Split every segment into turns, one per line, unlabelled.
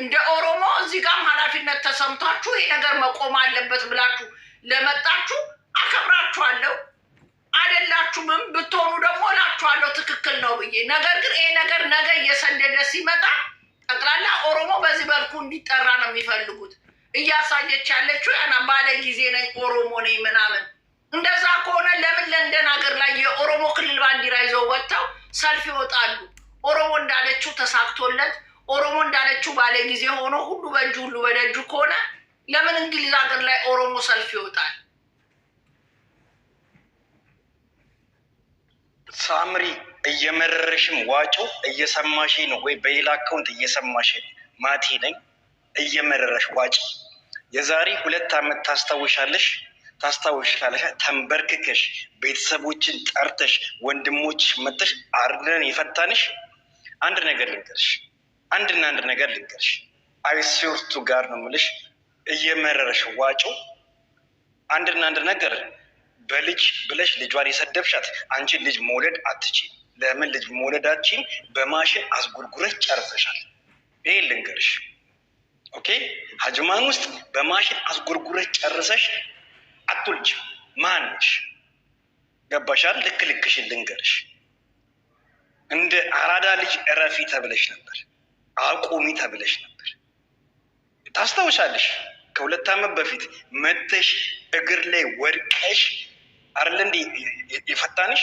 እንደ ኦሮሞ እዚህ ጋርም ኃላፊነት ተሰምቷችሁ ይህ ነገር መቆም አለበት ብላችሁ ለመጣችሁ አከብራችኋለሁ። አይደላችሁምም ብትሆኑ ደግሞ እላችኋለሁ ትክክል ነው ብዬ። ነገር ግን ይሄ ነገር ነገ እየሰደደ ሲመጣ ጠቅላላ ኦሮሞ በዚህ መልኩ እንዲጠራ ነው የሚፈልጉት። እያሳየች ያለችው ያና ባለ ጊዜ ነኝ ኦሮሞ ነኝ ምናምን። እንደዛ ከሆነ ለምን ለንደን ሀገር ላይ የኦሮሞ ክልል ባንዲራ ይዘው ወጥተው ሰልፍ ይወጣሉ? ኦሮሞ እንዳለችው ተሳክቶለት ኦሮሞ እንዳለችው ባለ ጊዜ ሆኖ ሁሉ በእጁ ሁሉ በደጁ ከሆነ ለምን እንግሊዝ ሀገር ላይ ኦሮሞ ሰልፍ ይወጣል?
ሳምሪ እየመረረሽም ዋጮ እየሰማሽ ነው ወይ? በሌላ አካውንት እየሰማሽ ማቴ ነኝ። እየመረረሽ ዋጭ። የዛሬ ሁለት ዓመት ታስታውሻለሽ ታስታውሻለሽ። ተንበርክከሽ ቤተሰቦችን ጠርተሽ ወንድሞች መጥተሽ አርደን የፈታንሽ አንድ ነገር ልንገርሽ አንድና አንድ ነገር ልንገርሽ፣ አይስርቱ ጋር ነው የምልሽ፣ እየመረረሽ ዋጩ። አንድና አንድ ነገር በልጅ ብለሽ ልጇን የሰደብሻት አንቺ ልጅ መውለድ አትች። ለምን ልጅ መውለዳችን በማሽን አስጉርጉረሽ ጨርሰሻል። ይህ ልንገርሽ። ኦኬ ሀጅማን ውስጥ በማሽን አስጉርጉረሽ ጨርሰሽ አትወልጅ። ማንሽ ገባሻል። ልክ ልክሽን ልንገርሽ፣ እንደ አራዳ ልጅ እረፊ ተብለሽ ነበር። አቁሚ ተብለሽ ነበር። ታስታውሻለሽ? ከሁለት ዓመት በፊት መተሽ እግር ላይ ወድቀሽ አይደል እንዴ የፈታንሽ?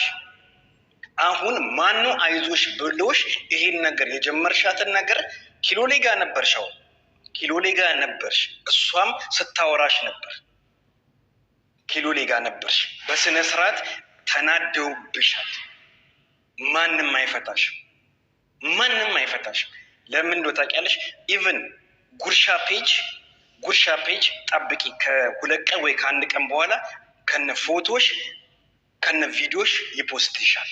አሁን ማኑ አይዞሽ ብሎሽ ይሄን ነገር የጀመርሻትን ነገር ኪሎ ሌጋ ነበርሽ፣ ኪሎ ሌጋ ነበርሽ። እሷም ስታወራሽ ነበር፣ ኪሎ ሌጋ ነበርሽ። በስነ ስርዓት ተናደውብሻል። ማንም አይፈታሽም፣ ማንም አይፈታሽም። ለምን እንደው ታውቂያለሽ? ኢቨን ጉርሻ ፔጅ ጉርሻ ፔጅ ጠብቂ። ከሁለት ቀን ወይ ከአንድ ቀን በኋላ ከነ ፎቶዎች ከነ ቪዲዮሽ ይፖስትሻል።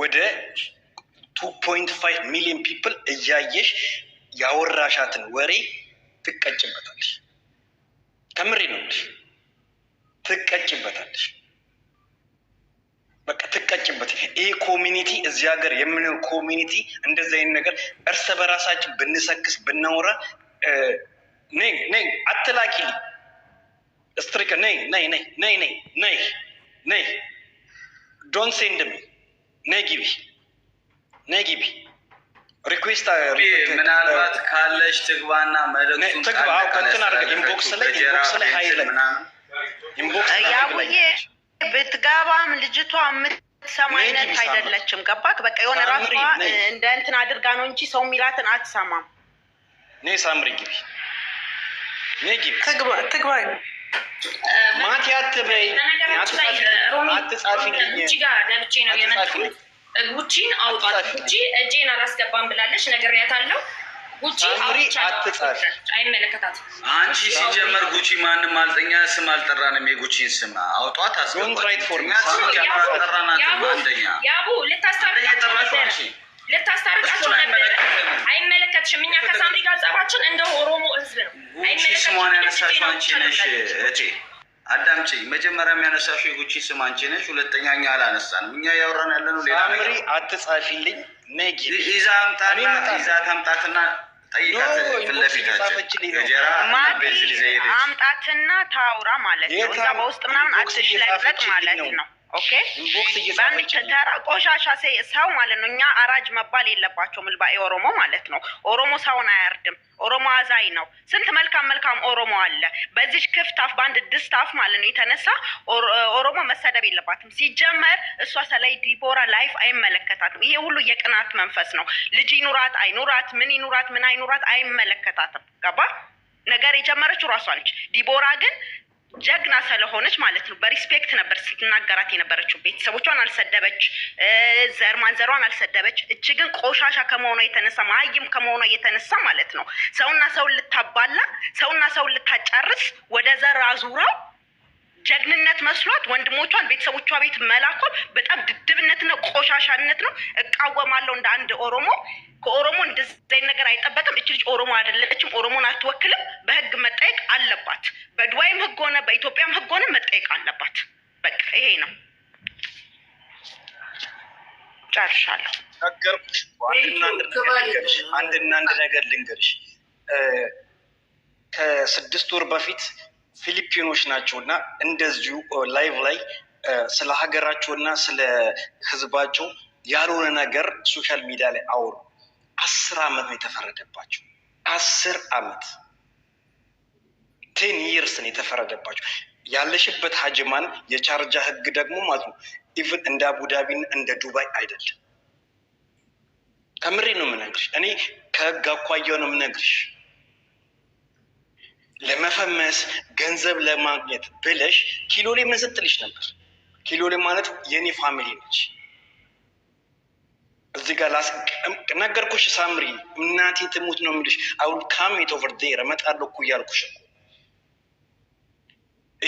ወደ ቱ ፖይንት ፋይቭ ሚሊዮን ፒፕል እያየሽ ያወራሻትን ወሬ ትቀጭበታለሽ። ከምሬ ነው፣ ትቀጭበታለሽ። በቃ ትቀጭበት። ይሄ ኮሚኒቲ እዚህ ሀገር የምንል ኮሚኒቲ እንደዚህ አይነት ነገር እርስ በራሳችን ብንሰክስ ብናወራ ነይ አትላኪ ስትሪክ ነይ ነይ ነይ ነይ ነይ ነይ ነይ ዶን ሴንድ ሚ ነይ ግቢ ነይ ግቢ ሪኩዌስት uh,
uh, ምናልባት ካለሽ ትግባና መልእክቱን
ትግባ ከንትን አድርገ ኢንቦክስ ላይ ኢንቦክስ ላይ ሀይለ ኢንቦክስ
ላይ ብትጋባም ልጅቷ የምትሰማ አይነት አይደለችም። ገባክ? በቃ የሆነ ራሷ እንደ እንትን አድርጋ ነው እንጂ ሰው ሚላትን አትሰማም።
ኔ ሳምሪ ግቢ ማቲ
አትበይ፣ አትጻፊ፣ ጉቺን አውጣት። ጉቺ እጄን አላስገባም ብላለች፣ ነገር ያታለው ጉቺ አይመለከታትም።
አንቺ ሲጀመር ጉቺ ማንም አልጠኛ ስም አልጠራንም። የጉቺን ስም አውጧት
አይመለከትሽም።
እኛ ከሳምሪ ጋር ጸባችን እንደ ኦሮሞ ሕዝብ ነው።
አንቺ ነሽ አዳምጪ። መጀመሪያ የሚያነሳሽ የጉቺ ስም አንቺ ነሽ። ሁለተኛ እኛ አላነሳንም። እኛ ያወራን ያለነው ሌላ አትጻፊልኝ ነጊ ይዛ አምጣና ይዛ ታምጣትና
አምጣትና ታውራ ማለት ነው። እዛ በውስጥ ምናምን አትሽለጥለጥ ማለት ነው። ኦኬ በአንድ ቆሻሻ ሰው ማለት ነው። እኛ አራጅ መባል የለባቸው ልባኤ ኦሮሞ ማለት ነው። ኦሮሞ ሰውን አያርድም። ኦሮሞ አዛኝ ነው። ስንት መልካም መልካም ኦሮሞ አለ። በዚች ክፍት አፍ በአንድ ድስት አፍ ማለት ነው የተነሳ ኦሮሞ መሰደብ የለባትም። ሲጀመር እሷ ሰላይ ዲቦራ ላይፍ አይመለከታትም። ይሄ ሁሉ የቅናት መንፈስ ነው። ልጅ ይኑራት አይኑራት፣ ምን ይኑራት ምን አይኑራት አይመለከታትም። ገባ ነገር የጀመረችው ራሷ ነች። ዲቦራ ግን ጀግና ስለሆነች ማለት ነው። በሪስፔክት ነበር ስትናገራት የነበረችው። ቤተሰቦቿን አልሰደበች፣ ዘር ማንዘሯን አልሰደበች። እች ግን ቆሻሻ ከመሆኗ የተነሳ ማይም ከመሆኗ የተነሳ ማለት ነው ሰውና ሰውን ልታባላ፣ ሰውና ሰውን ልታጨርስ ወደ ዘር አዙራው ጀግንነት መስሏት ወንድሞቿን ቤተሰቦቿ ቤት መላኳ በጣም ድድብነትና ቆሻሻነት ነው። እቃወማለሁ እንደ አንድ ኦሮሞ። ከኦሮሞ እንደዚህ ነገር አይጠበቅም። እች ልጅ ኦሮሞ አይደለችም፣ ኦሮሞን አትወክልም። በህግ መጠየቅ ሆነ በኢትዮጵያም ህግ ሆነ መጠየቅ አለባት። በቃ ይሄ ነው። ጨርሻለሁ።
ነገርኩሽ። አንድና አንድ ነገር ልንገርሽ። ከስድስት ወር በፊት ፊሊፒኖች ናቸው እና እንደዚሁ ላይቭ ላይ ስለ ሀገራቸው እና ስለ ህዝባቸው ያልሆነ ነገር ሶሻል ሚዲያ ላይ አውሩ አስር አመት ነው የተፈረደባቸው። አስር አመት ቴን ይርስን ነው የተፈረደባቸው። ያለሽበት ሀጅማን የቻርጃ ህግ ደግሞ ማለት ነው ኢቭን እንደ አቡዳቢን እንደ ዱባይ አይደለም። ከምሬ ነው የምነግርሽ። እኔ ከህግ አኳያው ነው የምነግርሽ። ለመፈመስ ገንዘብ ለማግኘት ብለሽ ኪሎሌ ምን ስትልሽ ነበር? ኪሎ ላይ ማለት የእኔ ፋሚሊ ነች። እዚህ ጋር ላስ ነገርኩሽ። ሳምሪ እናቴ ትሙት ነው የምልሽ። አሁን ካም ኦቨር ዴር እመጣለሁ እኮ እያልኩሽ ነው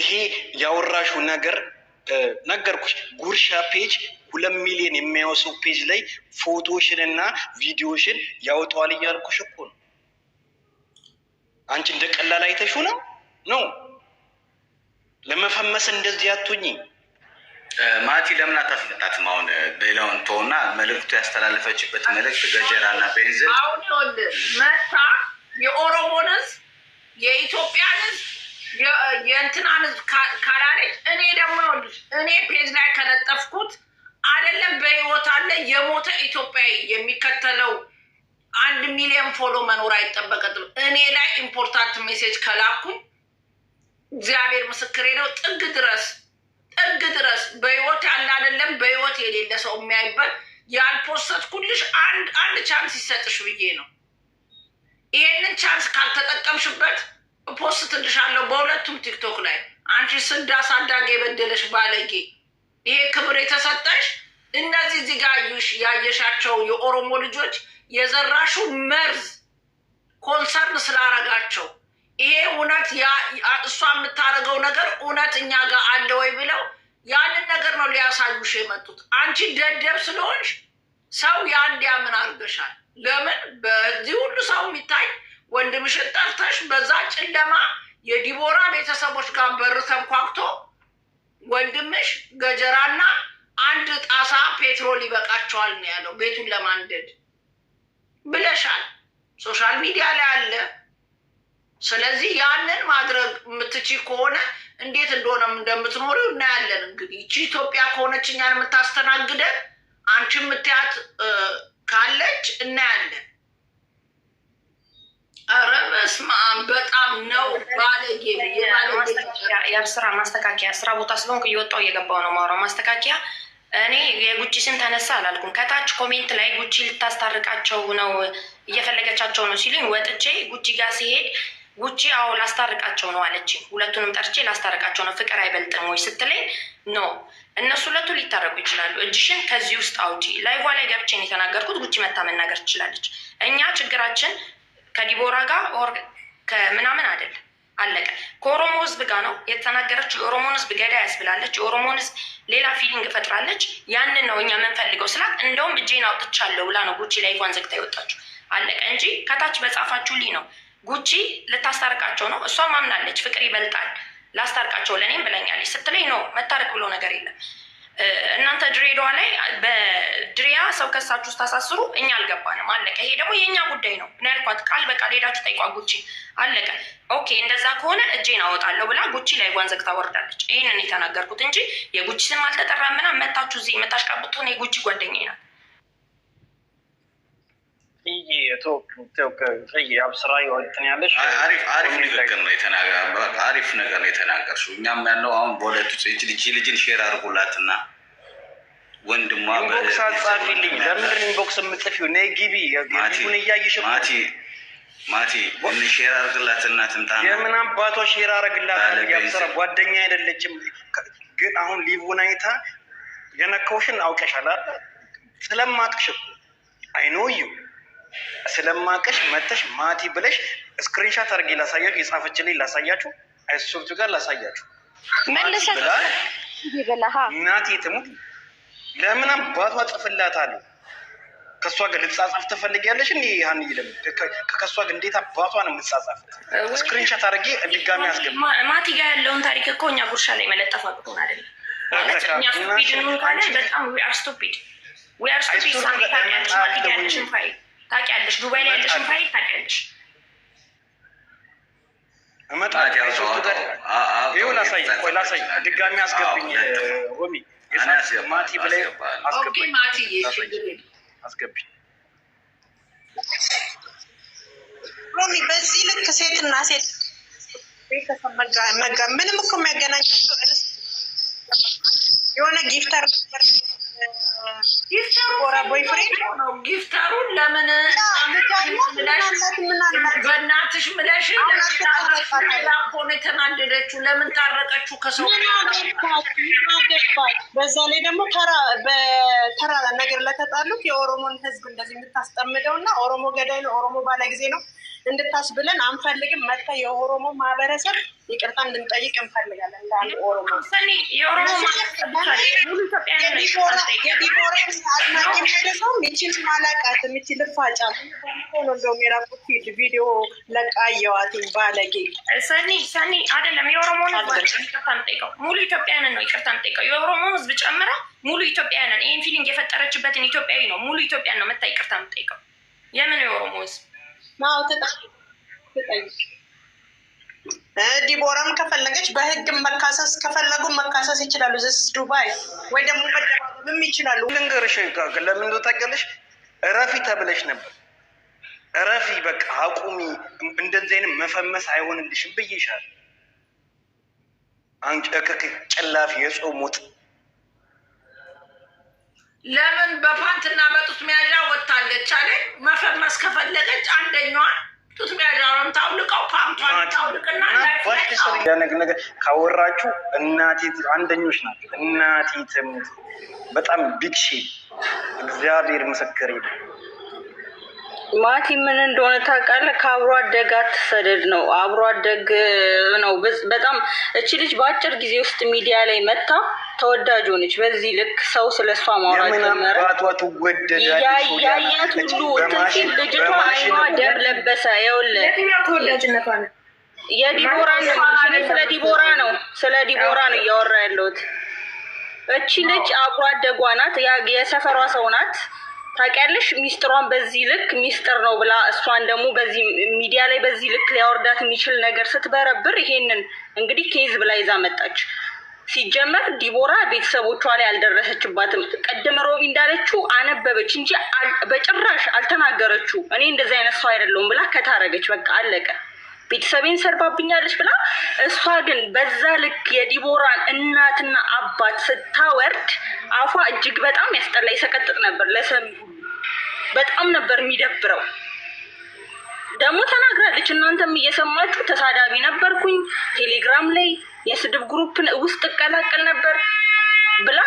ይሄ ያወራሹ ነገር ነገርኩሽ። ጉርሻ ፔጅ ሁለት ሚሊዮን የሚያወሰው ፔጅ ላይ ፎቶሽን እና ቪዲዮሽን ያወጣዋል እያልኩሽ እኮ ነው። አንቺ እንደ ቀላል አይተሹ ነው ነው ለመፈመስ እንደዚህ ያቶኝ
ማቲ ለምን አታስመጣትም? አሁን ሌላውን ተውና መልእክቱ ያስተላለፈችበት መልእክት ገጀራ እና ቤንዝል
መታ የኦሮሞን ህዝብ የኢትዮጵያን ህዝብ የእንትናን ፔጅ ላይ ከለጠፍኩት አይደለም በህይወት አለ የሞተ ኢትዮጵያዊ የሚከተለው አንድ ሚሊዮን ፎሎ መኖር አይጠበቀትም። እኔ ላይ ኢምፖርታንት ሜሴጅ ከላኩኝ እግዚአብሔር ምስክሬ ነው። ጥግ ድረስ ጥግ ድረስ በህይወት ያለ አይደለም በህይወት የሌለ ሰው የሚያይበት ያልፖሰትኩልሽ አንድ አንድ ቻንስ ይሰጥሽ ብዬ ነው። ይሄንን ቻንስ ካልተጠቀምሽበት ፖስት ፖስትልሻለሁ በሁለቱም ቲክቶክ ላይ አንቺ ስድ አሳዳጊ የበደለሽ ባለጌ፣ ይሄ ክብር የተሰጠሽ እነዚህ ዚጋ ጋ ያየሻቸው የኦሮሞ ልጆች የዘራሹ መርዝ ኮንሰርን ስላረጋቸው ይሄ እውነት እሷ የምታደርገው ነገር እውነት እኛ ጋር አለ ወይ ብለው ያንን ነገር ነው ሊያሳዩሽ የመጡት። አንቺ ደደብ ስለሆንሽ ሰው የአንድ ያምን አድርገሻል። ለምን በዚህ ሁሉ ሰው የሚታይ ወንድምሽን ጠርተሽ በዛ ጨለማ የዲቦራ ቤተሰቦች ጋር በር ተንኳኩቶ ወንድምሽ ገጀራና አንድ ጣሳ ፔትሮል ይበቃቸዋል ነው ያለው፣ ቤቱን ለማንደድ ብለሻል። ሶሻል ሚዲያ ላይ አለ። ስለዚህ ያንን ማድረግ የምትች ከሆነ እንዴት እንደሆነ እንደምትኖሪው እናያለን። እንግዲህ ይቺ ኢትዮጵያ ከሆነች እኛን የምታስተናግደን አንቺ የምትያት ካለች እናያለን። ኧረ በስመ አብ በጣም ነው ባለጌ።
የስራ ማስተካከያ ስራ ቦታ ስለሆንኩ እየወጣሁ እየገባሁ ነው የማወራው። ማስተካከያ እኔ የጉቺ ስም ተነሳ አላልኩም። ከታች ኮሜንት ላይ ጉቺ ልታስታርቃቸው ነው እየፈለገቻቸው ነው ሲሉኝ ወጥቼ ጉቺ ጋር ሲሄድ ጉቺ አዎ ላስታርቃቸው ነው አለች። ሁለቱንም ጠርቼ ላስታርቃቸው ነው ፍቅር አይበልጥም ወይ ስትለኝ ኖ እነሱ ሁለቱ ሊታረቁ ይችላሉ። እጅሽን ከዚህ ውስጥ አውጪ። ላይፏ ላይ ገብቼ ነው የተናገርኩት። ጉቺ መታ መናገር ትችላለች። እኛ ችግራችን ከዲቦራ ጋር ኦር ከምናምን አይደለም። አለቀ። ከኦሮሞ ህዝብ ጋር ነው የተናገረችው። የኦሮሞን ህዝብ ገዳ ያስብላለች። የኦሮሞን ህዝብ ሌላ ፊሊንግ ፈጥራለች። ያንን ነው እኛ የምንፈልገው ስላት፣ እንደውም እጄን አውጥቻለሁ ብላ ነው ጉቺ ላይ ኳን ዘግታ ይወጣችሁ። አለቀ እንጂ ከታች በጻፋችሁ ሊ ነው ጉቺ ልታስታርቃቸው ነው። እሷም አምናለች፣ ፍቅር ይበልጣል ላስታርቃቸው ለእኔም ብለኛለች ስትለኝ ነው መታረቅ ብሎ ነገር የለም። እናንተ ድሬዳዋ ላይ በድሬያ ሰው ከሳችሁ ውስጥ ታሳስሩ፣ እኛ አልገባንም፣ አለቀ። ይሄ ደግሞ የእኛ ጉዳይ ነው ነው ያልኳት። ቃል በቃል ሄዳችሁ ጠይቋ ጉቺ፣ አለቀ። ኦኬ እንደዛ ከሆነ እጄን አወጣለሁ ብላ ጉቺ ላይ ጓን ዘግታ ወርዳለች። ይህንን የተናገርኩት እንጂ የጉቺ ስም አልተጠራ ምናምን መታችሁ እዚህ የምታሽቃብጡት የጉቺ ጓደኛ ናት።
ያብ ስራ
አሪፍ ነው ነገር ነው የተናገርሽው። እኛም ያለው አሁን በሁለቱ ልጅ ልጅን ሼር አድርጉላትና ወንድሟ
ቦክስ አጻፊልኝ። ለምንድን የምጽፊው? ነይ ግቢ ግቢውን እያየሽ
ማቲ ማቲ ሼር አርግላት እና ትምጣ።
የምን አባቷ ሼር ጓደኛ አይደለችም። ግን አሁን ሊቡን አይታ አውቀሻል። ስለማቅሽ አይኖ ዩ ስለማቀሽ መተሽ ማቲ ብለሽ ስክሪንሻት አድርጌ ላሳያችሁ፣ የጻፈችልኝ ላሳያችሁ፣ አይሱብቱ ጋር ላሳያችሁ። እናቴ ትሙት ለምን አባቷ ጽፍላታለሁ። ከእሷ ጋር ልጻጻፍ ትፈልጊያለሽ? እ ይህን ይለም ከእሷ ጋር እንዴት አባቷ ነው የምጻጻፍ? ስክሪንሻት አድርጌ ድጋሚ አስገባ።
ማቲ ጋር ያለውን ታሪክ እኮ እኛ ጉርሻ ላይ መለጠፍ አቅቶን አይደለም። ስቱፒድ እንሆን ካለ በጣም ዊ አር ስቱፒድ ዊ አር ስቱፒድ ሳሚታ ያለችን ማቲ ጋር ያለሽን ፋይል ታውቂያለሽ። ዱባይ ላይ ያለሽን ፋይል ታውቂያለሽ።
ድጋሚ አስገብኝ ማቲ ብለህ አስገብኝ።
ሮሚ በዚህ ልክ ሴትና ሴት ቤተሰብ መጋ ምንም እኮ የሚያገናኝ የሆነ ጊፍተር ጊፍተሩ ቦይፍሬንድ
ነው። ለምን በእናትሽ
በዛ ላይ ደግሞ በተራ ነገር ለተጣሉት የኦሮሞን ሕዝብ እንደዚህ የምታስጠምደው እና ኦሮሞ ገዳይ ነው፣ ኦሮሞ ባለጊዜ ነው እንድታስብለን አንፈልግም። መታ የኦሮሞ ማህበረሰብ ይቅርታ እንድንጠይቅ እንፈልጋለን። ለአንድ ኦሮሞ የዲቦሬ አድናቂ ሰው ይችን ማላቃት ቪዲዮ ለቃ የዋትን ባለጌ
ሰኒ ሰኒ አይደለም የኦሮሞ ይቅርታ እንጠይቀው። ሙሉ ኢትዮጵያውያንን ነው ይቅርታ ንጠይቀው የኦሮሞ ህዝብ ጨምራ ሙሉ ኢትዮጵያውያንን ይህን ፊሊንግ የፈጠረችበትን ኢትዮጵያዊ ነው ሙሉ ኢትዮጵያን ነው መታ ይቅርታ ንጠይቀው የምን የኦሮሞ ህዝብ
ዲቦራም ከፈለገች በህግ መካሰስ ከፈለጉ መካሰስ ይችላሉ። ዘስ ዱባይ ወይ ደግሞ መደባበብም ይችላሉ።
ልንገርሽ ለምን ታውቂያለሽ? እረፊ ተብለሽ ነበር። እረፊ በቃ አቁሚ፣ እንደዚህ አይነት መፈመስ አይሆንልሽም ብዬሻል። አንቺ ጨላፊ የጾም ወጥ
ለምን በፓንትና በጡት መያዣ ወጥታለች አለ። መፈመስ ከፈለገች አንደኛዋን ጡት መያዣውን ታውልቀው ፓንቷን
ካወራችሁ እናቴ አንደኞች ናቸው። እናቴ ትሙት በጣም ቢግ ሼም እግዚአብሔር ምስክር
ማቲ ምን እንደሆነ ታውቃለህ? ከአብሮ አደግ አትሰደድ ነው። አብሮ አደግ ነው። በጣም እቺ ልጅ በአጭር ጊዜ ውስጥ ሚዲያ ላይ መታ ተወዳጅ ሆነች። በዚህ ልክ ሰው ስለ እሷ ማውራት
ጀመረ። ያየት ሁሉ
ትንሲል ልጅቷ አይኗ ደም ለበሰ። ይኸውልህ የዲቦራ ስለ ዲቦራ ነው ስለ ዲቦራ ነው እያወራ ያለሁት። እቺ ልጅ አብሮ አደጓ ናት፣ የሰፈሯ ሰው ናት። ታውቂያለሽ ሚስጥሯን በዚህ ልክ ሚስጥር ነው ብላ እሷን ደግሞ በዚህ ሚዲያ ላይ በዚህ ልክ ሊያወርዳት የሚችል ነገር ስትበረብር ይሄንን እንግዲህ ኬዝ ብላ ይዛ መጣች። ሲጀመር ዲቦራ ቤተሰቦቿ ላይ አልደረሰችባትም። ቀደም ሮቢ እንዳለችው አነበበች እንጂ በጭራሽ አልተናገረችው። እኔ እንደዚህ አይነት ሰው አይደለውም ብላ ከታረገች በቃ አለቀ። ቤተሰቤን ሰርባብኛለች ብላ እሷ ግን በዛ ልክ የዲቦራን እናትና አባት ስታወርድ አፏ እጅግ በጣም ያስጠላ ይሰቀጥጥ ነበር። ለሰሚ በጣም ነበር የሚደብረው። ደግሞ ተናግራለች። እናንተም እየሰማችሁ ተሳዳቢ ነበርኩኝ፣ ቴሌግራም ላይ የስድብ ግሩፕን ውስጥ እቀላቀል ነበር ብላ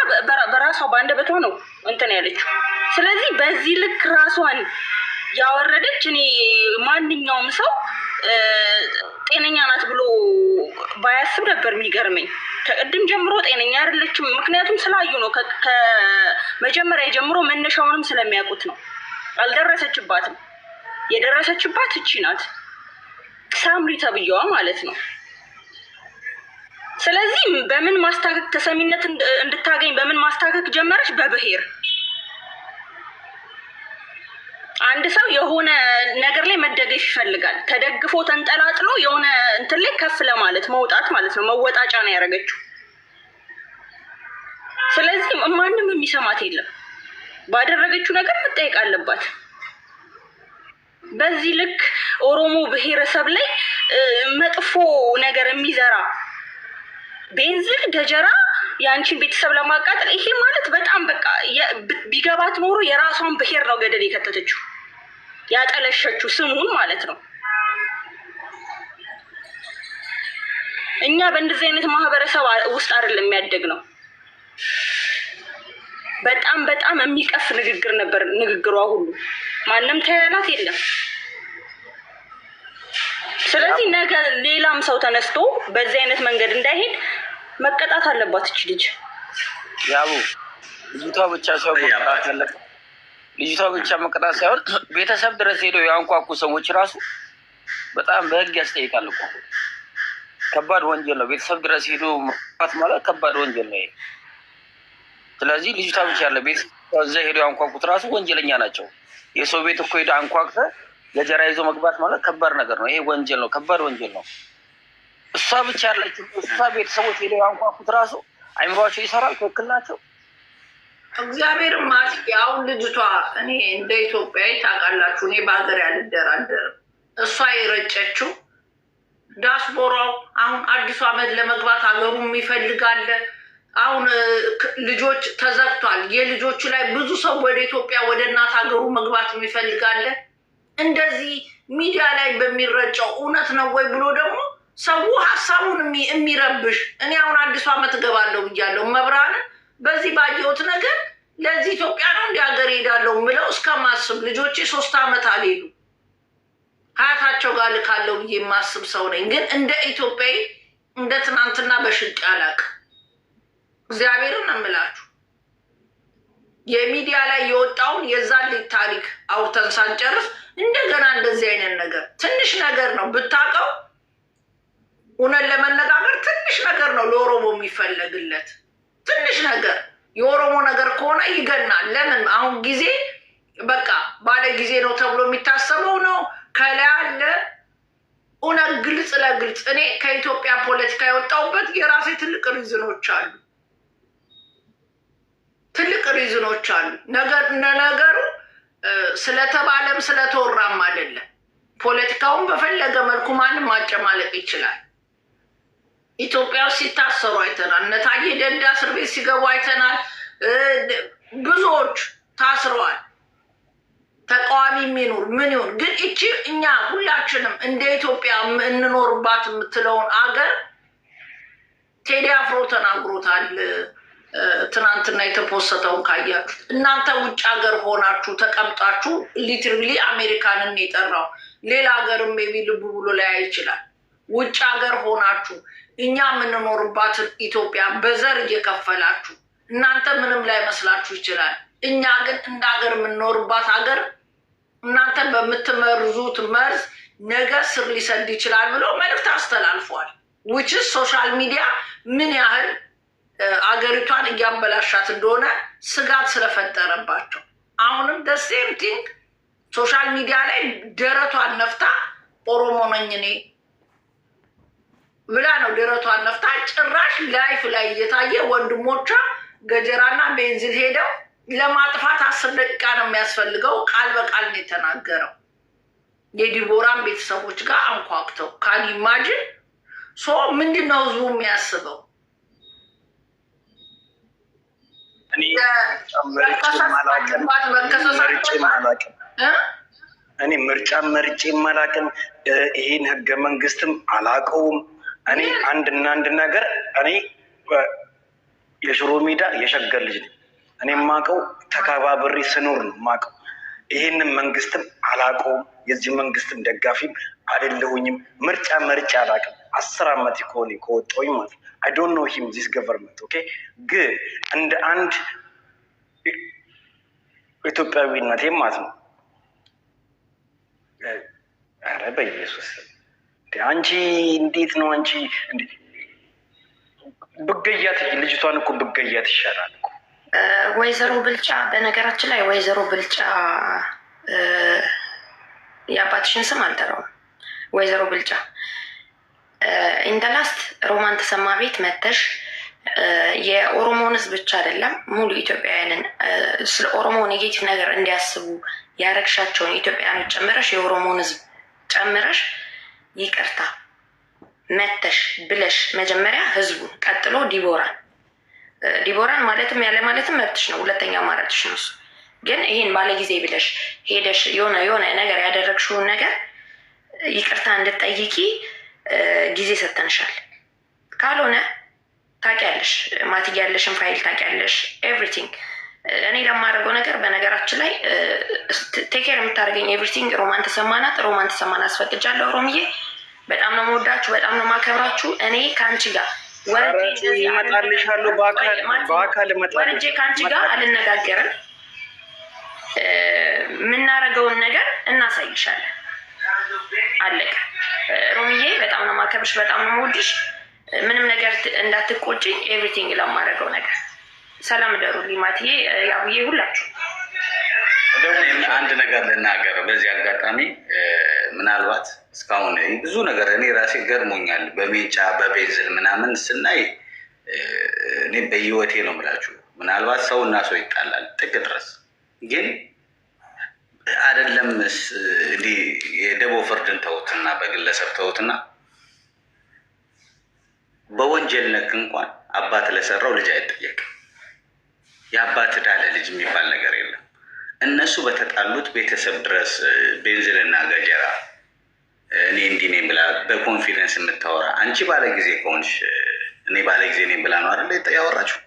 በራሷ በአንደበቷ ነው እንትን ያለችው። ስለዚህ በዚህ ልክ ራሷን ያወረደች እኔ ማንኛውም ሰው ጤነኛ ናት ብሎ ባያስብ ነበር የሚገርመኝ። ከቅድም ጀምሮ ጤነኛ አይደለችም። ምክንያቱም ስላዩ ነው፣ ከመጀመሪያ ጀምሮ መነሻውንም ስለሚያውቁት ነው። አልደረሰችባትም። የደረሰችባት እቺ ናት፣ ሳምሪ ተብዬዋ ማለት ነው። ስለዚህ በምን ማስታከክ ተሰሚነት እንድታገኝ በምን ማስታከክ ጀመረች? በብሄር? አንድ ሰው የሆነ ነገር ላይ መደገፍ ይፈልጋል። ተደግፎ ተንጠላጥሎ የሆነ እንትን ላይ ከፍ ለማለት መውጣት ማለት ነው። መወጣጫ ነው ያደረገችው። ስለዚህ ማንም የሚሰማት የለም። ባደረገችው ነገር መጠየቅ አለባት። በዚህ ልክ ኦሮሞ ብሔረሰብ ላይ መጥፎ ነገር የሚዘራ ቤንዝል ገጀራ የአንቺን ቤተሰብ ለማቃጠል ይሄ ማለት በጣም በቃ ቢገባት ኖሮ የራሷን ብሔር ነው ገደል የከተተችው። ያጠለሸችው ስሙን ማለት ነው። እኛ በእንደዚህ አይነት ማህበረሰብ ውስጥ አይደለም የሚያደግ ነው። በጣም በጣም የሚቀፍ ንግግር ነበር ንግግሯ ሁሉ ማንም ተያላት የለም። ስለዚህ ነገ ሌላም ሰው ተነስቶ በዚህ አይነት መንገድ እንዳይሄድ መቀጣት አለባት እች ልጅ
ያቡ ልጅቷ ብቻ ሰው ልጅቷ ብቻ መቀጣት ሳይሆን ቤተሰብ ድረስ ሄደው የአንኳኩ ሰዎች ራሱ በጣም በህግ ያስጠይቃል እኮ ከባድ ወንጀል ነው። ቤተሰብ ድረስ ሄዶ መት ማለት ከባድ ወንጀል ነው። ስለዚህ ልጅቷ ብቻ ያለ ቤተሰብ እዛ ሄደው ራሱ ወንጀለኛ ናቸው። የሰው ቤት እኮ ሄዶ አንኳክተ ገጀራ ይዞ መግባት ማለት ከባድ ነገር ነው። ይሄ ወንጀል ነው፣ ከባድ ወንጀል ነው። እሷ ብቻ ያለችው እሷ ቤተሰቦች ሄደው ያንኳኩት ራሱ አይምሯቸው ይሰራል። ትክክል ናቸው።
እግዚአብሔር ማስ አሁን ልጅቷ እኔ እንደ ኢትዮጵያ ታውቃላችሁ፣ እኔ በሀገር አልደራደርም። እሷ የረጨችው ዳስፖራው አሁን አዲሱ ዓመት ለመግባት ሀገሩ ይፈልጋለ። አሁን ልጆች ተዘግቷል። የልጆቹ ላይ ብዙ ሰው ወደ ኢትዮጵያ ወደ እናት ሀገሩ መግባት ይፈልጋለ። እንደዚህ ሚዲያ ላይ በሚረጨው እውነት ነው ወይ ብሎ ደግሞ ሰው ሀሳቡን የሚረብሽ እኔ አሁን አዲሱ ዓመት እገባለሁ ብያለሁ መብራንን በዚህ ባየሁት ነገር ለዚህ ኢትዮጵያ ነው እንዲ ሀገር ሄዳለሁ ምለው እስከማስብ ልጆቼ ሶስት አመት አልሄዱ ሀያታቸው ጋር ልካለው ብዬ የማስብ ሰው ነኝ። ግን እንደ ኢትዮጵያዊ እንደ ትናንትና በሽቅ ያላቅ እግዚአብሔርን እምላችሁ የሚዲያ ላይ የወጣውን የዛን ልጅ ታሪክ አውርተን ሳንጨርስ እንደገና እንደዚህ አይነት ነገር ትንሽ ነገር ነው ብታውቀው፣ እውነት ለመነጋገር ትንሽ ነገር ነው ለኦሮሞ የሚፈለግለት። ትንሽ ነገር የኦሮሞ ነገር ከሆነ ይገናል። ለምን አሁን ጊዜ በቃ ባለ ጊዜ ነው ተብሎ የሚታሰበው ነው። ከላይ አለ እውነት ግልጽ ለግልጽ እኔ ከኢትዮጵያ ፖለቲካ የወጣሁበት የራሴ ትልቅ ሪዝኖች አሉ ትልቅ ሪዝኖች አሉ። ነገሩ ስለተባለም ስለተወራም አይደለም። ፖለቲካውን በፈለገ መልኩ ማንም ማጨማለቅ ይችላል። ኢትዮጵያ ውስጥ ሲታሰሩ አይተናል። እነ ታዬ ደንዳ እስር ቤት ሲገቡ አይተናል። ብዙዎች ታስረዋል። ተቃዋሚ የሚኖር ምን ይሁን ግን እቺ እኛ ሁላችንም እንደ ኢትዮጵያ እንኖርባት የምትለውን አገር ቴዲ አፍሮ ተናግሮታል። ትናንትና የተፖሰተውን ካያችሁት እናንተ ውጭ ሀገር ሆናችሁ ተቀምጣችሁ ሊትርሊ አሜሪካንን የጠራው ሌላ ሀገርም ቢ ብሎ ሊያ ይችላል። ውጭ ሀገር ሆናችሁ እኛ የምንኖርባትን ኢትዮጵያ በዘር እየከፈላችሁ እናንተ ምንም ላይ መስላችሁ ይችላል። እኛ ግን እንደ ሀገር የምንኖርባት ሀገር እናንተ በምትመርዙት መርዝ ነገ ስር ሊሰድ ይችላል ብሎ መልእክት አስተላልፏል። ውችስ ሶሻል ሚዲያ ምን ያህል አገሪቷን እያበላሻት እንደሆነ ስጋት ስለፈጠረባቸው አሁንም ደሴም ቲንግ ሶሻል ሚዲያ ላይ ደረቷን ነፍታ ኦሮሞ ነኝ እኔ ምላ ነው ደረቷን ነፍታ። ጭራሽ ላይፍ ላይ እየታየ ወንድሞቿ ገጀራና ቤንዝል ሄደው ለማጥፋት አስር ደቂቃ ነው የሚያስፈልገው። ቃል በቃል ነው የተናገረው። የዲቦራን ቤተሰቦች ጋር አንኳኩተው ካን ኢማጅን ሶ ምንድን ነው ህዝቡ የሚያስበው?
እኔ ምርጫ መርጬም አላቅም። ይህን ህገ መንግስትም አላቀውም። እኔ አንድና አንድ ነገር እኔ የሽሮ ሜዳ የሸገር ልጅ ነኝ። እኔ የማውቀው ተከባብሬ ስኖር ነው የማውቀው። ይህንን መንግስትም አላውቀውም፣ የዚህ መንግስትም ደጋፊም አይደለሁኝም። ምርጫ መርጫ አላውቅም። አስር ዓመት ከሆነ ከወጣሁኝ ማለት አይ ዶንት ኖ ሂም ዚስ ገቨርንመንት ኦኬ። ግን እንደ አንድ ኢትዮጵያዊነቴም ማለት ነው አረ በኢየሱስ አንቺ እንዴት ነው አንቺ ብገያት ልጅቷን እኮ ብገያት ይሻላል እኮ
ወይዘሮ ብልጫ። በነገራችን ላይ ወይዘሮ ብልጫ የአባትሽን ስም አልጠራውም። ወይዘሮ ብልጫ ኢንደላስት ሮማን ተሰማ ቤት መተሽ የኦሮሞን ህዝብ ብቻ አይደለም ሙሉ ኢትዮጵያውያንን ስለ ኦሮሞ ኔጌቲቭ ነገር እንዲያስቡ ያረግሻቸውን ኢትዮጵያውያኖች ጨምረሽ የኦሮሞን ህዝብ ጨምረሽ ይቅርታ መተሽ ብለሽ መጀመሪያ ህዝቡን፣ ቀጥሎ ዲቦራን ዲቦራን ማለትም ያለ ማለትም መብትሽ ነው። ሁለተኛ አማራጭሽ ነው እሱ። ግን ይህን ጊዜ ብለሽ ሄደሽ የሆነ የሆነ ነገር ያደረግሽውን ነገር ይቅርታ እንድጠይቂ ጊዜ ሰተንሻል። ካልሆነ ታውቂያለሽ፣ ያለሽን ፋይል ታውቂያለሽ፣ ኤቭሪቲንግ እኔ ለማደርገው ነገር በነገራችን ላይ ቴኬር የምታደርገኝ ኤቭሪቲንግ ሮማን ተሰማናት ሮማን ተሰማን አስፈቅጃለሁ ሮምዬ በጣም ነው መወዳችሁ፣ በጣም ነው ማከብራችሁ። እኔ ከአንቺ ጋር ወርጄ ከአንቺ ጋር አልነጋገርም። የምናረገውን ነገር እናሳይሻለን። አለቀ። ሮሚዬ በጣም ነው ማከብርሽ፣ በጣም ነው መወድሽ። ምንም ነገር እንዳትቆጭኝ፣ ኤቭሪቲንግ ለማድረገው ነገር ሰላም ደሩ ሊማትዬ ያብዬ ሁላችሁ
ደግሞ አንድ ነገር ልናገር በዚህ አጋጣሚ ምናልባት እስካሁን ብዙ ነገር እኔ ራሴ ገርሞኛል። በሜጫ በቤንዝል ምናምን ስናይ እኔ በህይወቴ ነው ምላችሁ ምናልባት ሰው እና ሰው ይጣላል ጥግ ድረስ ግን አይደለም እንዲህ የደቦ ፍርድን ተውትና በግለሰብ ተውትና በወንጀል ነክ እንኳን አባት ለሰራው ልጅ አይጠየቅም። የአባት ዕዳ ለልጅ የሚባል ነገር የለም። እነሱ በተጣሉት ቤተሰብ ድረስ ቤንዝልና ገጀራ እኔ እንዲህ ነኝ ብላ በኮንፊደንስ የምታወራ አንቺ ባለ ጊዜ ከሆንሽ እኔ ባለ ጊዜ ነኝ ብላ ነው አይደለ ያወራችሁ?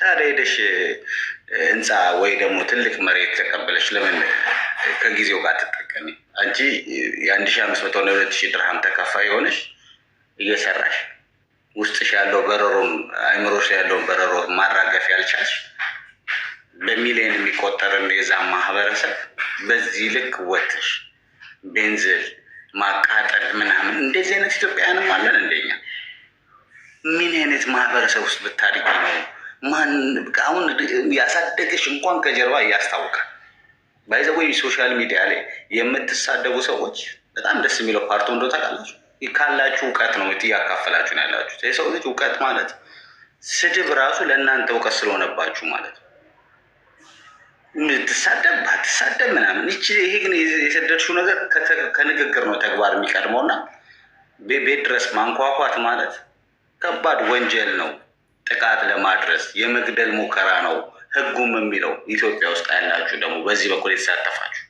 ታዲያ ሄደሽ ህንፃ ወይ ደግሞ ትልቅ መሬት ተቀበለች ለምን ከጊዜው ጋር ትጠቀሚ? አንቺ የአንድ ሺ አምስት መቶ ሁለት ሺ ድርሃም ተከፋይ የሆነሽ እየሰራሽ ውስጥሽ ያለው በረሮን አይምሮሽ ያለውን በረሮ ማራገፍ ያልቻልሽ በሚሊዮን የሚቆጠር የዛ ማህበረሰብ በዚህ ልክ ወተሽ ቤንዝል ማቃጠል ምናምን እንደዚህ አይነት ኢትዮጵያውያንም አለን። እንደኛ ምን አይነት ማህበረሰብ ውስጥ ብታድግ ነው? ማን አሁን ያሳደገሽ እንኳን ከጀርባ እያስታውቃል። ባይዘወይ ሶሻል ሚዲያ ላይ የምትሳደቡ ሰዎች በጣም ደስ የሚለው ፓርቶ እንደ ታውቃላችሁ ካላችሁ እውቀት ነው እያካፈላችሁ ነው ያላችሁት። የሰው ልጅ እውቀት ማለት ስድብ ራሱ ለእናንተ እውቀት ስለሆነባችሁ ማለት ነው። ትሳደብ ባትሳደብ ምናምን ይቺ ይሄ ግን የሰደድሽው ነገር ከንግግር ነው ተግባር የሚቀድመው እና ቤት ድረስ ማንኳኳት ማለት ከባድ ወንጀል ነው። ጥቃት ለማድረስ የመግደል ሙከራ ነው ህጉም የሚለው። ኢትዮጵያ ውስጥ ያላችሁ ደግሞ በዚህ በኩል የተሳተፋችሁ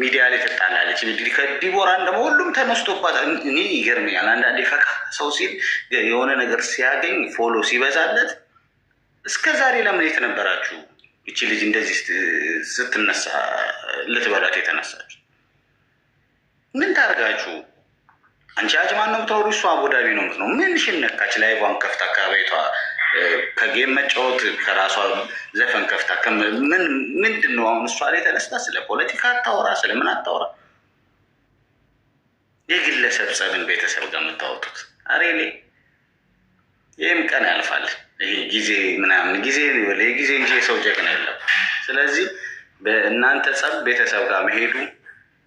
ሚዲያ ላይ ትጣላለች። እንግዲህ ከዲቦራን ደግሞ ሁሉም ተነስቶባታል። እኔ ይገርመኛል አንዳንዴ ፈካ ሰው ሲል የሆነ ነገር ሲያገኝ ፎሎ ሲበዛለት እስከ ዛሬ ለምን የተነበራችሁ እቺ ልጅ እንደዚህ ስትነሳ ልትበላት የተነሳች ምን ታርጋችሁ? አንቺ አጅማን ነው የምትኖሩ፣ እሱ አቡዳቢ ነው የምትኖሩ። ምን ሽነካች? ላይ ቧን ከፍታ ከቤቷ ከጌም መጫወት ከራሷ ዘፈን ከፍታ ምን ምንድን ነው አሁን? እሷ ላይ ተነስታ ስለ ፖለቲካ አታወራ፣ ስለምን አታወራ። የግለሰብ ጸብን ቤተሰብ ጋር የምታወጡት አሬ ይህም ቀን ያልፋል። ጊዜ ምናምን ጊዜ ጊዜ እንጂ የሰው ጀግና የለም። ስለዚህ በእናንተ ጸብ ቤተሰብ ጋር መሄዱ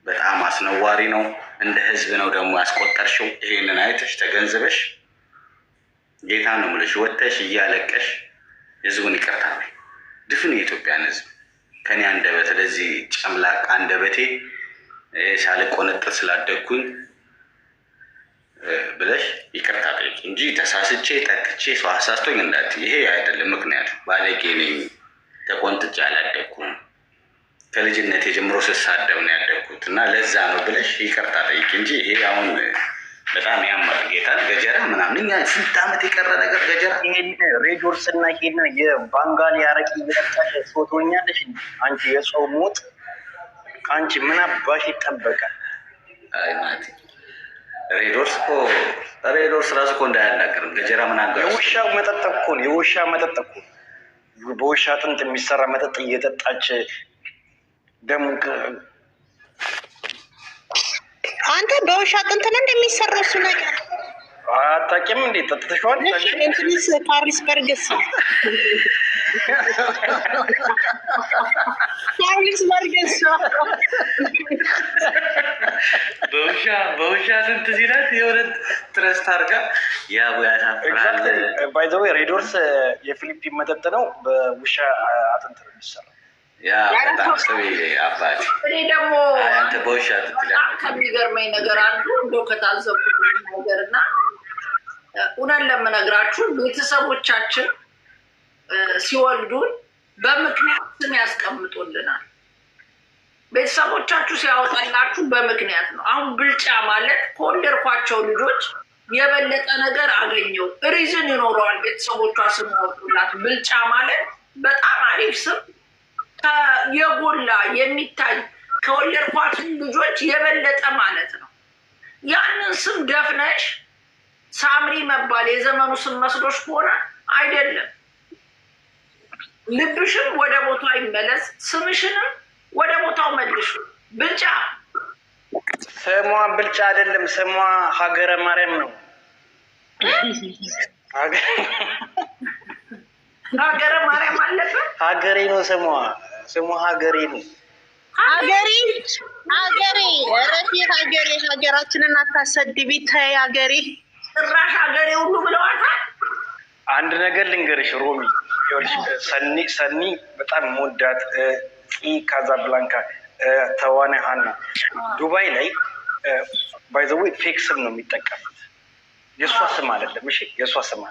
በጣም አስነዋሪ ነው። እንደ ህዝብ ነው ደግሞ ያስቆጠርሽው። ይሄንን አይተሽ ተገንዝበሽ ጌታ ነው ምለሽ ወተሽ እያለቀሽ ህዝቡን ይቅርታ ድፍን የኢትዮጵያን ህዝብ ከኔ አንደበት ለዚህ ጨምላቅ አንደበቴ ሳልቆነጠር ስላደግኩኝ ብለሽ ይቅርታ ጠይቂ እንጂ ተሳስቼ ተክቼ ሰው አሳስቶኝ እንዳት ይሄ አይደለም። ምክንያቱ ባለጌ ነኝ፣ ተቆንጥጬ አላደኩም፣ ከልጅነት የጀምሮ ስሳደብ ነው ያደግኩት እና ለዛ ነው ብለሽ ይቅርታ ጠይቂ እንጂ ይሄ አሁን በጣም ያማል። ጌታ ገጀራ ምናምን እኛ ስንት ዓመት የቀረ ነገር ገጀራ ሬጆርስ እና ሄና የባንጋሊ አረቂ እየጠጣሽ ሶቶኛለሽ። አንቺ የሰው ሞት ከአንቺ ምን አባሽ ይጠበቃል? አይ ማለት ሬዶርስ እኮ ሬዶርስ ራሱ እኮ እንዳያናገር ገጀራ ምናገር የውሻ መጠጥ እኮ ነው። የውሻ መጠጥ እኮ በውሻ አጥንት የሚሰራ መጠጥ እየጠጣች ደሙ አንተ በውሻ አጥንት ነው እንደሚሰራው እሱ ነገር አታውቂም እንዴ? ጠጥተሽዋል። እንትንስ ፓሪስ በርግስ ፓሪስ በርግስ በውሻ በውሻ ስንት ሲላት ትረስት ያሳፍራል። ባይ ዘ ወይ ሬዶርስ የፊሊፒን መጠጥ ነው። በውሻ አጥንት ነው የሚሰራው። ደግሞ በውሻ ከሚገርመኝ ነገር አንዱ እንደ ከታዘብኩት ነገር እና እውነት ለምነግራችሁ ቤተሰቦቻችን ሲወልዱን በምክንያት ስም ያስቀምጡልናል። ቤተሰቦቻችሁ ሲያወጣላችሁ በምክንያት ነው። አሁን ብልጫ ማለት ከወለድኳቸው ልጆች የበለጠ ነገር አገኘው ሪዝን ይኖረዋል። ቤተሰቦቿ ስም ብልጫ ማለት በጣም አሪፍ ስም የጎላ የሚታይ ከወለድኳት ልጆች የበለጠ ማለት ነው። ያንን ስም ደፍነሽ ሳምሪ መባል የዘመኑ ስም መስሎች ከሆነ አይደለም። ልብሽም ወደ ቦታ ይመለስ ስምሽንም ወደ ቦታው መልሱ። ብልጫ ስሟ ብልጫ አይደለም፣ ስሟ ሀገረ ማርያም ነው። ሀገረ ማርያም አለበት። ሀገሬ ነው ስሟ፣ ስሟ ሀገሬ ነው። ሀገሬ ሀገሬ፣ ረፊ ሀገሬ፣ ሀገራችንን አታሰድቢ ተይ ሀገሬ። ጭራሽ ሀገሬ ሁሉ ብለዋታል። አንድ ነገር ልንገርሽ ሮሚ፣ ሰኒ ሰኒ በጣም ሞዳት ኢ ካዛብላንካ ተዋነ ዱባይ ላይ ባይዘዌ ፌክ ስም ነው የሚጠቀሙት። የእሷ ስም አይደለም። እሺ የእሷ ስም